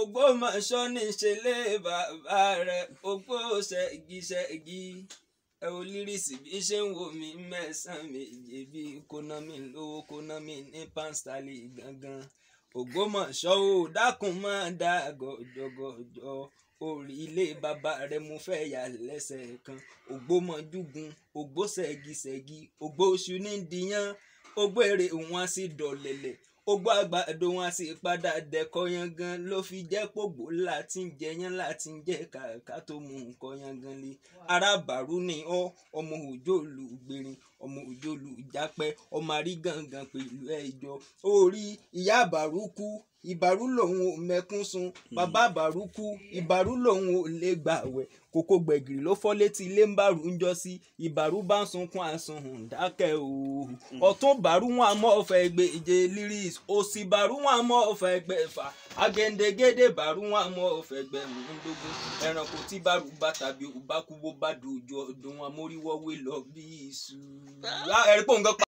Ògbómọ̀ṣọ́ ní ìṣẹlẹ bàbá rẹ̀ ogbó ṣẹgiṣẹgi ẹ ò lírìsì bí ṣe ń wo mi mẹ́sàn-án méje bí kóná mi lówó kóná mi ní pánstálì gangan Ògbómọ̀ṣọ́ ò dákun máa dá gọjọgọjọ orí ilé bàbá rẹ mo fẹ́ yà lẹ́sẹ̀ kan ògbómọdúgun ògbóṣẹ́gisẹ́gi ògbóṣù ní dìyàn ògbó èrè wọn sì dọ̀lẹ̀lẹ̀ ogbó àgbà ẹ̀dọ̀ wọn sì padà dẹ̀kọ yangan ló fi jẹ́ pògbó láti ń jẹ yán láti ń jẹ kàkà tó mú nǹkan yangan lé arábàárù ni ọ ọmọ òjò olùgbìnrin ọmọ òjò olùjápẹ́ ọmọ àrí gangan pẹ̀lú ẹ̀jọ́ orí ìyá ku. kú ìbàrú lòun ò mẹkún sun hmm. bàbá àbàrú kú ìbàrú lòun ò lè gbà wẹ̀ kókó gbẹ̀gìrì ló fọ́ létí ilé ń bàrú ń jọ sí ìbàrú bá ń sunkún àsun hùn dákẹ́ òòhù hmm. ọ̀tún bàrú wọn àmọ́ ọ̀fẹ́ ẹgbẹ́ ìje lyrics òsì bàrú wọn àmọ́ ọ̀fẹ́ ẹgbẹ́ ẹ̀fà agẹ́ndẹ́gẹ́dẹ́ bàrú wọn àmọ́ ọ̀fẹ́ ẹgbẹ́ ẹ̀mùndógún ẹranko tí bàrú bá tàbí òbákúwó bá dojú ọdún wọn móríwọ́wé lọ bí ìṣù. ẹ̀rí pò pa.